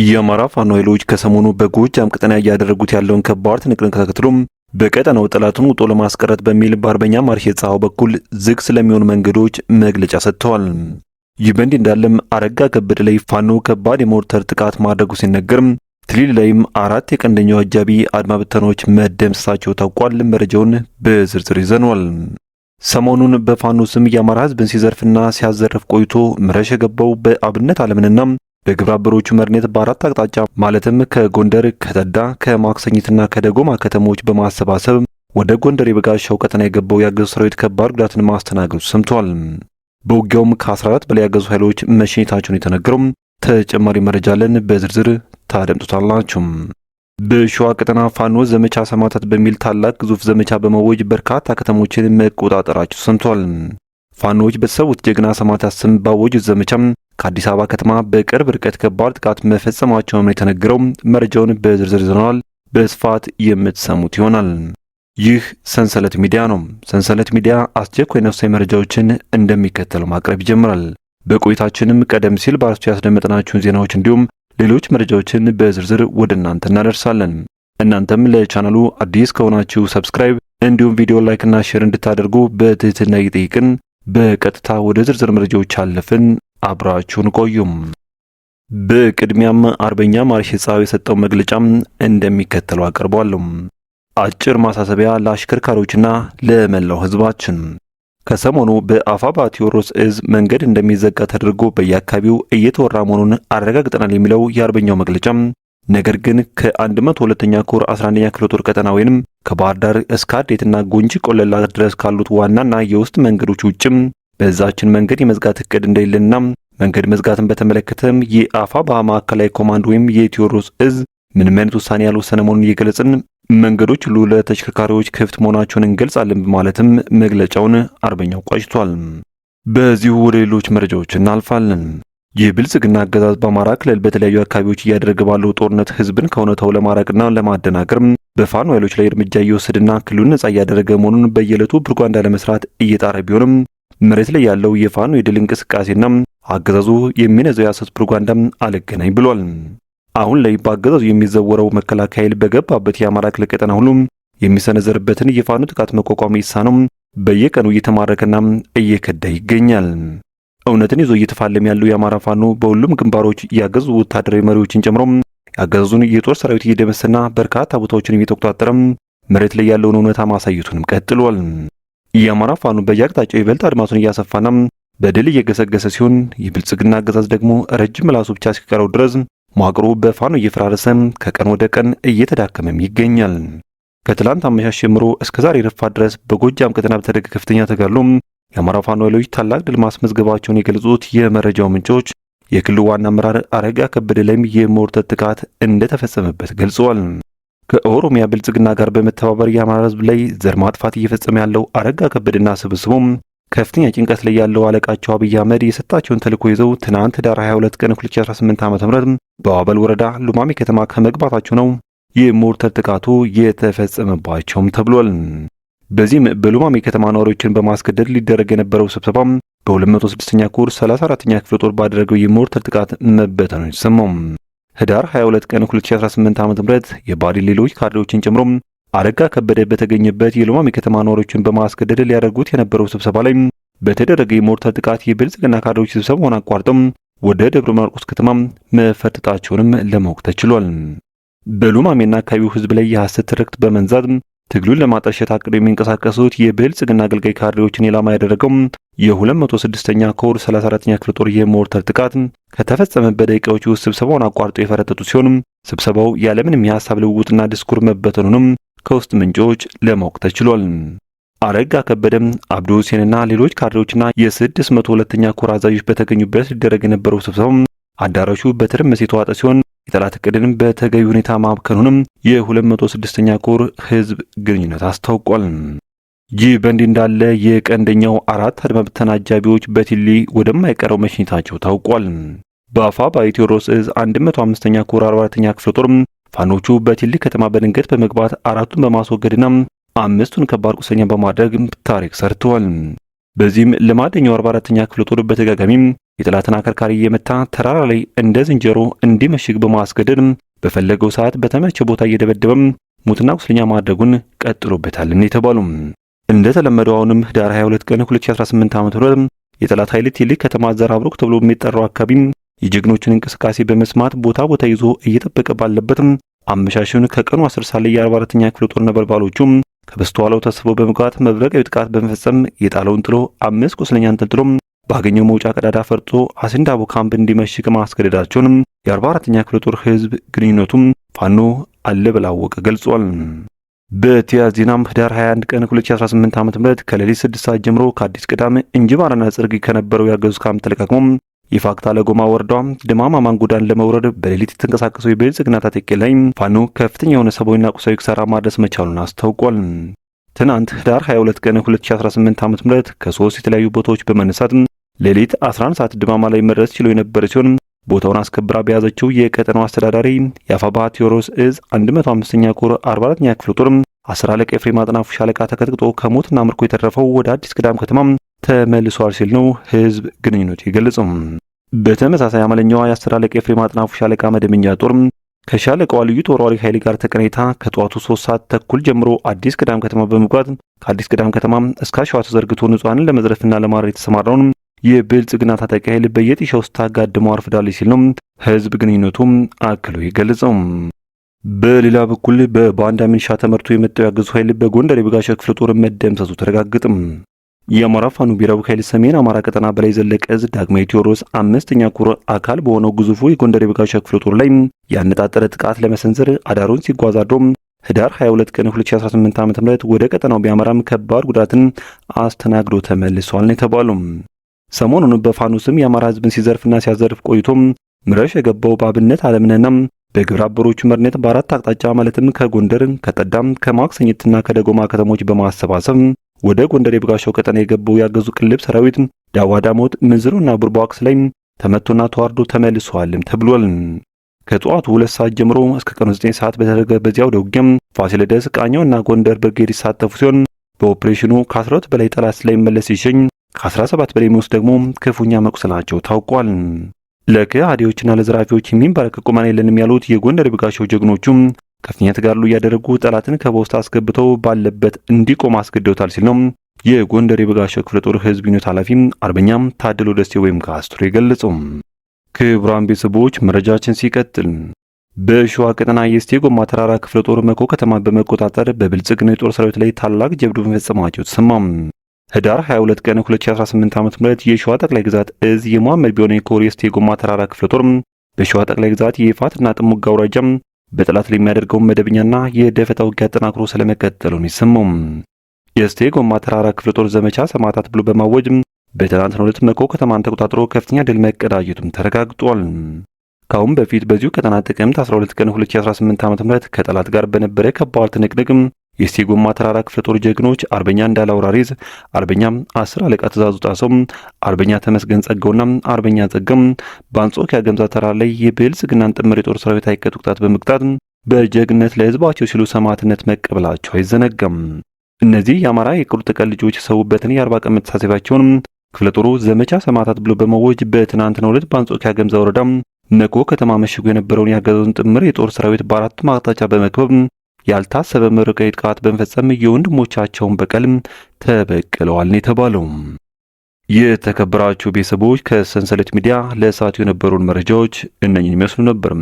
የአማራ ፋኖ ኃይሎች ከሰሞኑ በጎጃም ቀጠና እያደረጉት ያለውን ከባድ ትንቅንቅ ተከትሎም በቀጠናው ጠላቱን ውጦ ለማስቀረት በሚል በአርበኛ ማርሽ የጸሐው በኩል ዝግ ስለሚሆኑ መንገዶች መግለጫ ሰጥተዋል። ይህ በእንዲህ እንዳለም አረጋ ከበደ ላይ ፋኖ ከባድ የሞርተር ጥቃት ማድረጉ ሲነገርም፣ ትሊል ላይም አራት የቀንደኛው አጃቢ አድማ ብተኖች መደምሰሳቸው ታውቋል። መረጃውን በዝርዝር ይዘነዋል። ሰሞኑን በፋኖ ስም የአማራ ህዝብን ሲዘርፍና ሲያዘርፍ ቆይቶ ምረሽ የገባው በአብነት አለምንና በግብረ አበሮቹ መሪነት በአራት አቅጣጫ ማለትም ከጎንደር፣ ከተዳ፣ ከማክሰኝትና ከደጎማ ከተሞች በማሰባሰብ ወደ ጎንደር የበጋሻው ቀጠና የገባው የአገዙ ሰራዊት ከባድ ጉዳትን ማስተናገዱ ሰምቷል። በውጊያውም ከ14 በላይ ያገዙ ኃይሎች መሸኘታቸውን የተነገረው ተጨማሪ መረጃ አለን፣ በዝርዝር ታደምጡታላችሁ። በሸዋ ቀጠና ፋኖ ዘመቻ ሰማዕታት በሚል ታላቅ ግዙፍ ዘመቻ በመወጅ በርካታ ከተሞችን መቆጣጠራቸው ሰምቷል። ፋኖዎች በተሰዉት ጀግና ሰማዕታት ስም ባወጁት ዘመቻም ከአዲስ አበባ ከተማ በቅርብ ርቀት ከባድ ጥቃት መፈጸማቸውን የተነገረው መረጃውን በዝርዝር ይዘናል። በስፋት የምትሰሙት ይሆናል። ይህ ሰንሰለት ሚዲያ ነው። ሰንሰለት ሚዲያ አስቸኳይ ነፍሳዊ መረጃዎችን እንደሚከተል ማቅረብ ይጀምራል። በቆይታችንም ቀደም ሲል በአርስቱ ያስደመጥናችሁን ዜናዎች እንዲሁም ሌሎች መረጃዎችን በዝርዝር ወደ እናንተ እናደርሳለን። እናንተም ለቻናሉ አዲስ ከሆናችሁ ሰብስክራይብ እንዲሁም ቪዲዮ ላይክና ሼር እንድታደርጉ በትህትና ይጠይቅን። በቀጥታ ወደ ዝርዝር መረጃዎች አለፍን። አብራችሁን ቆዩም። በቅድሚያም አርበኛ ማርሽ ጻው የሰጠው መግለጫም እንደሚከተለው አቀርቧል። አጭር ማሳሰቢያ ለአሽከርካሪዎችና ለመላው ህዝባችን ከሰሞኑ በአፋባ ቴዎድሮስ እዝ መንገድ እንደሚዘጋ ተደርጎ በየአካባቢው እየተወራ መሆኑን አረጋግጠናል የሚለው የአርበኛው መግለጫ ነገር ግን ከ102ኛ ኮር 11ኛ ክፍለ ጦር ቀጠና ወይንም ከባህር ዳር እስከ አዴትና ጉንጂ ቆለላ ድረስ ካሉት ዋናና የውስጥ መንገዶች ውጭም በዛችን መንገድ የመዝጋት እቅድ እንደሌለና መንገድ መዝጋትን በተመለከተም የአፋብኃ ማዕከላዊ ኮማንድ ወይም የቴዎድሮስ እዝ ምንም አይነት ውሳኔ ያልወሰነ መሆኑን እየገለጽን መንገዶች ሁሉ ለተሽከርካሪዎች ክፍት መሆናቸውን እንገልጻለን በማለትም መግለጫውን አርበኛው ቋጭቷል። በዚሁ ወደ ሌሎች መረጃዎች እናልፋለን። የብልጽግና አገዛዝ በአማራ ክልል በተለያዩ አካባቢዎች እያደረገ ባለው ጦርነት ህዝብን ከእውነታው ለማራቅና ለማደናገር በፋኖ ኃይሎች ላይ እርምጃ እየወሰደና ክልሉን ነጻ እያደረገ መሆኑን በየዕለቱ ፕሮፓጋንዳ ለመስራት እየጣረ ቢሆንም መሬት ላይ ያለው የፋኖ የድል እንቅስቃሴና አገዛዙ የሚነዘው የሐሰት ፕሮፓጋንዳም አልገናኝ ብሏል። አሁን ላይ በአገዛዙ የሚዘወረው መከላከያ ኃይል በገባበት የአማራ ክልል ቀጠና ሁሉም የሚሰነዘርበትን የፋኖ ጥቃት መቋቋም ይሳነው በየቀኑ እየተማረከና እየከዳ ይገኛል። እውነትን ይዞ እየተፋለም ያለው የአማራ ፋኖ በሁሉም ግንባሮች ያገዙ ወታደራዊ መሪዎችን ጨምሮ ያገዙን የጦር ሰራዊት እየደመሰና በርካታ ቦታዎችን እየተቆጣጠረም መሬት ላይ ያለውን እውነታ ማሳየቱንም ቀጥሏል። የአማራ ፋኑ በየአቅጣጫው ይበልጥ አድማሱን እያሰፋና በድል እየገሰገሰ ሲሆን የብልጽግና አገዛዝ ደግሞ ረጅም ምላሱ ብቻ ሲቀረው ድረስ መዋቅሩ በፋኖ እየፈራረሰ ከቀን ወደ ቀን እየተዳከመም ይገኛል። ከትላንት አመሻሽ ጀምሮ እስከ ዛሬ ረፋ ድረስ በጎጃም ቀጠና በተደረገ ከፍተኛ ተጋድሎ የአማራ ፋኖ ኃይሎች ታላቅ ድል ማስመዝገባቸውን የገለጹት የመረጃው ምንጮች የክልሉ ዋና አመራር አረጋ ከበደ ላይም የሞርተር ጥቃት እንደተፈጸመበት ገልጸዋል። ከኦሮሚያ ብልጽግና ጋር በመተባበር የአማራ ህዝብ ላይ ዘር ማጥፋት እየፈጸመ ያለው አረጋ ከበድና ስብስቡም ከፍተኛ ጭንቀት ላይ ያለው አለቃቸው አብይ አህመድ የሰጣቸውን ተልዕኮ ይዘው ትናንት ዳር 22 ቀን 2018 ዓ ም በዋበል ወረዳ ሉማሜ ከተማ ከመግባታቸው ነው የሞርተር ጥቃቱ የተፈጸመባቸውም ተብሏል። በዚህም በሉማሜ ከተማ ነዋሪዎችን በማስገደድ ሊደረግ የነበረው ስብሰባ በ206ኛ ኮር 34ኛ ክፍለ ጦር ባደረገው የሞርተር ጥቃት መበተኑ ነው ህዳር 22 ቀን 2018 ዓ.ም የባዲ ሌሎች ካድሬዎችን ጨምሮ አረጋ ከበደ በተገኘበት የሉማሜ ከተማ ነዋሪዎችን በማስገደድ ሊያደርጉት የነበረው ስብሰባ ላይ በተደረገ የሞርታር ጥቃት የብልጽግና ካድሬዎች ስብሰባውን አቋርጠው ወደ ደብረ ማርቆስ ከተማ መፈርጠጣቸውንም ለማወቅ ተችሏል። በሉማሜና አካባቢው ህዝብ ላይ የሐሰት ትርክት በመንዛት ትግሉን ለማጠልሸት አቅዶ የሚንቀሳቀሱት የብልጽግና አገልጋይ ካድሬዎችን ኢላማ ያደረገው የ206ኛ ኮር 34ኛ ክፍለ ጦር የሞርተር ጥቃት ከተፈጸመበት ደቂቃዎች ውስጥ ስብሰባውን አቋርጦ የፈረጠጡ ሲሆን ስብሰባው ያለምንም የሀሳብ ልውውጥና ድስኩር መበተኑንም ከውስጥ ምንጮች ለማወቅ ተችሏል። አረጋ ከበደም አብዱ ሁሴንና ሌሎች ካድሬዎችና የ602ኛ ኮር አዛዦች በተገኙበት ሊደረግ የነበረው ስብሰባው አዳራሹ በትርምስ የተዋጠ ሲሆን የጠላት እቅድንም በተገቢ ሁኔታ ማብከኑንም የ206ኛ ኮር ህዝብ ግንኙነት አስታውቋል። ይህ በእንዲህ እንዳለ የቀንደኛው አራት አድማ አጃቢዎች በቲሊ ወደማይቀረው መሽኘታቸው ታውቋል። በአፋ በቴዎድሮስ እዝ 105ኛ ኮር 44ኛ ክፍለ ጦርም ፋኖቹ በቲሊ ከተማ በድንገት በመግባት አራቱን በማስወገድና አምስቱን ከባድ ቁሰኛ በማድረግ ታሪክ ሰርተዋል። በዚህም ልማደኛው 44ኛ ክፍለ ጦር በተጋጋሚ የጠላትን አከርካሪ እየመታ ተራራ ላይ እንደ ዝንጀሮ እንዲመሽግ በማስገደድ በፈለገው ሰዓት በተመቸ ቦታ እየደበደበም ሙትና ቁስለኛ ማድረጉን ቀጥሎበታልን የተባሉ እንደተለመደው አሁንም ህዳር 22 ቀን 2018 ዓ.ም የጥላት የጠላት ኃይል ከተማ ዘራ ተብሎ የሚጠራው አካባቢ የጀግኖችን እንቅስቃሴ በመስማት ቦታ ቦታ ይዞ እየጠበቀ ባለበት አመሻሽውን ከቀኑ 10 ሰዓት ላይ የ44ኛ ክፍለ ጦር ነበልባሎቹ ከበስተኋላው ተስቦ በመግባት መብረቃዊ ጥቃት በመፈጸም የጣለውን ጥሎ አምስት ቁስለኛን አንጠልጥሎ ባገኘው መውጫ ቀዳዳ ፈርጦ አሲንዳቦ ካምፕ እንዲመሽግ ማስገደዳቸውንም የ44ኛ ክፍለ ጦር ህዝብ ግንኙነቱም ፋኖ አለ በላወቀ ገልጿል። በተያያዘ ዜናም ህዳር 21 ቀን 2018 ም ከሌሊት 6 ሰዓት ጀምሮ ከአዲስ ቅዳም እንጅባራና ጽርግ ከነበረው ያገዙ ካምፕ ተለቃቅሞ የፋግታ ለጎማ ወረዳ ድማማ ማንጉዳን ለመውረድ በሌሊት የተንቀሳቀሰው የብልጽግና ታጣቂ ላይ ፋኖ ከፍተኛ የሆነ ሰብዓዊና ቁሳዊ ክሳራ ማድረስ መቻሉን አስታውቋል። ትናንት ህዳር 22 ቀን 2018 ዓ ም ከሶስት የተለያዩ ቦታዎች በመነሳት ሌሊት 11 ሰዓት ድማማ ላይ መድረስ ችሎ የነበረ ሲሆን ቦታውን አስከብራ በያዘችው የቀጠናው አስተዳዳሪ የአፋባ ቴዎድሮስ እዝ 105ኛ ኮር 44ኛ ክፍለ ጦር አስር አለቃ ኤፍሬም አጥናፉ ሻለቃ ተቀጥቅጦ ከሞትና ምርኮ የተረፈው ወደ አዲስ ቅዳም ከተማ ተመልሷል ሲል ነው ህዝብ ግንኙነት የገለጸው። በተመሳሳይ አመለኛዋ የአስተላለቅ የፍሬ ማጥናፉ ሻለቃ መደበኛ ጦር ከሻለቃዋ ልዩ ተወርዋሪ ኃይል ጋር ተቀናይታ ከጠዋቱ ሶስት ሰዓት ተኩል ጀምሮ አዲስ ቅዳም ከተማ በመጓዝ ከአዲስ ቅዳም ከተማ እስከ አሸዋ ተዘርግቶ ንጹሐንን ለመዝረፍና ለማረር የተሰማራውን የብልጽግና ታጣቂ ኃይል በየጥሻው ስታጋድመው አርፍዳለች ሲል ነው ህዝብ ግንኙነቱም አክሎ የገለጸው። በሌላ በኩል በባንዳ ሚሊሻ ተመርቶ የመጣው ያገዙ ኃይል በጎንደር የበጋሻው ክፍለ ጦር መደምሰሱ ተረጋግጥም የአማራ ፋኑ ብሔራዊ ኃይል ሰሜን አማራ ቀጠና በላይ ዘለቀ እዝ ዳግማዊ ቴዎድሮስ አምስተኛ ኩር አካል በሆነው ግዙፉ የጎንደር የበጋሻ ክፍለ ጦር ላይ ያነጣጠረ ጥቃት ለመሰንዘር አዳሩን ሲጓዝ አድሮ ህዳር 22 ቀን 2018 ዓ.ም ወደ ቀጠናው ቢያመራም ከባድ ጉዳትን አስተናግዶ ተመልሷል ነው የተባሉ። ሰሞኑን በፋኑ ስም የአማራ ህዝብን ሲዘርፍና ሲያዘርፍ ቆይቶም ምረሽ የገባው በአብነት አለምነና በግብረ አበሮቹ መሪነት በአራት አቅጣጫ ማለትም ከጎንደር፣ ከጠዳም፣ ከማክሰኝትና ከደጎማ ከተሞች በማሰባሰብ ወደ ጎንደር የበጋሻው ቀጠና የገቡ ያገዙ ቅልብ ሰራዊት ዳዋዳ ዳሞት፣ ምንዝሮና ቡርባክስ ላይ ተመቶና ተዋርዶ ተመልሷልም ተብሏል። ከጠዋቱ ሁለት ሰዓት ጀምሮ እስከ ቀኑ 9 ሰዓት በተደረገ በዚያው ውጊያም ፋሲለደስ ቃኘውና ጎንደር ብርጌድ ይሳተፉ ሲሆን በኦፕሬሽኑ ከ12 በላይ ጠላት መለስ ሲሸኝ ከ17 በላይ የሚወስድ ደግሞ ክፉኛ መቁሰላቸው ታውቋል። ለከሃዲዎችና ለዘራፊዎች የሚንበረከቅ ቁማና የለንም ያሉት የጎንደር የበጋሻው ጀግኖቹም ከፍተኛ ተጋድሎ እያደረጉ ጠላትን ከበውስጥ አስገብተው ባለበት እንዲቆም አስገደውታል ሲል ነው የጎንደር የበጋሻው ክፍለ ጦር ህዝብ ዩኒት ኃላፊ አርበኛም ታደሎ ደስቴ ወይም ካስትሮ የገለጹ። ክቡራን ቤተሰቦች መረጃችን ሲቀጥል በሸዋ ቀጠና የእስቴ ጎማ ተራራ ክፍለ ጦር መኮ ከተማ በመቆጣጠር በብልጽግና የጦር ሰራዊት ላይ ታላቅ ጀብዱ መፈጸማቸው ተሰማም። ህዳር 22 ቀን 2018 ዓ.ም የሸዋ ጠቅላይ ግዛት እዝ የመሐመድ ቢሆነ ኮር የእስቴ ጎማ ተራራ ክፍለ ጦር በሸዋ ጠቅላይ ግዛት የፋትና ጥሙጋ አውራጃም በጠላት ላይ የሚያደርገውን መደበኛና የደፈጣ ውጊያ አጠናክሮ ነው ይሰማው። የእስቴ ጎማ ተራራ ክፍለ ጦር ዘመቻ ሰማዕታት ብሎ በማወጅ በትናንትናው ዕለት መኮ ከተማን ተቆጣጥሮ ከፍተኛ ድል መቀዳጀቱም ተረጋግጧል። ካሁን በፊት በዚሁ ቀጠና ጥቅምት 12 ቀን 2018 ዓ.ም ከጠላት ጋር በነበረ ከባድ ትንቅንቅም የእስቴ ጎማ ተራራ ክፍለ ጦር ጀግኖች አርበኛ እንዳለ አውራሪዝ፣ አርበኛ አስር አለቃ ትእዛዙ ጣሰው፣ አርበኛ ተመስገን ጸጋውና አርበኛ ጸገም በአንጾኪያ ገምዛ ተራራ ላይ የብልጽግናን ጥምር የጦር ሰራዊት አይቀጡ ቅጣት በመቅጣት በጀግነት ለህዝባቸው ሲሉ ሰማዕትነት መቀበላቸው አይዘነጋም። እነዚህ የአማራ የቅሩተ ቀን ልጆች የሰዉበትን የአርባ ቀን መተሳሰቢያቸውን ክፍለ ጦሩ ዘመቻ ሰማዕታት ብሎ በመወጅ በትናንትናው ዕለት በአንጾኪያ ገምዛ ወረዳ ነቆ ከተማ መሽጎ የነበረውን ያገዘውን ጥምር የጦር ሰራዊት በአራቱም አቅጣጫ በመክበብ ያልታሰበ መረጋዊ ጥቃት በመፈጸም የወንድሞቻቸውን በቀልም ተበቅለዋል ነው የተባለው። የተከበራችሁ ቤተሰቦች ከሰንሰለት ሚዲያ ለሰዓቱ የነበሩን መረጃዎች እነኝን የሚያስሉ ነበር።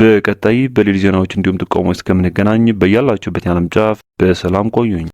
በቀጣይ በሌሊት ዜናዎች እንዲሁም ጥቆሞች እስከምንገናኝ በያላችሁበት የዓለም ጫፍ በሰላም ቆዩኝ።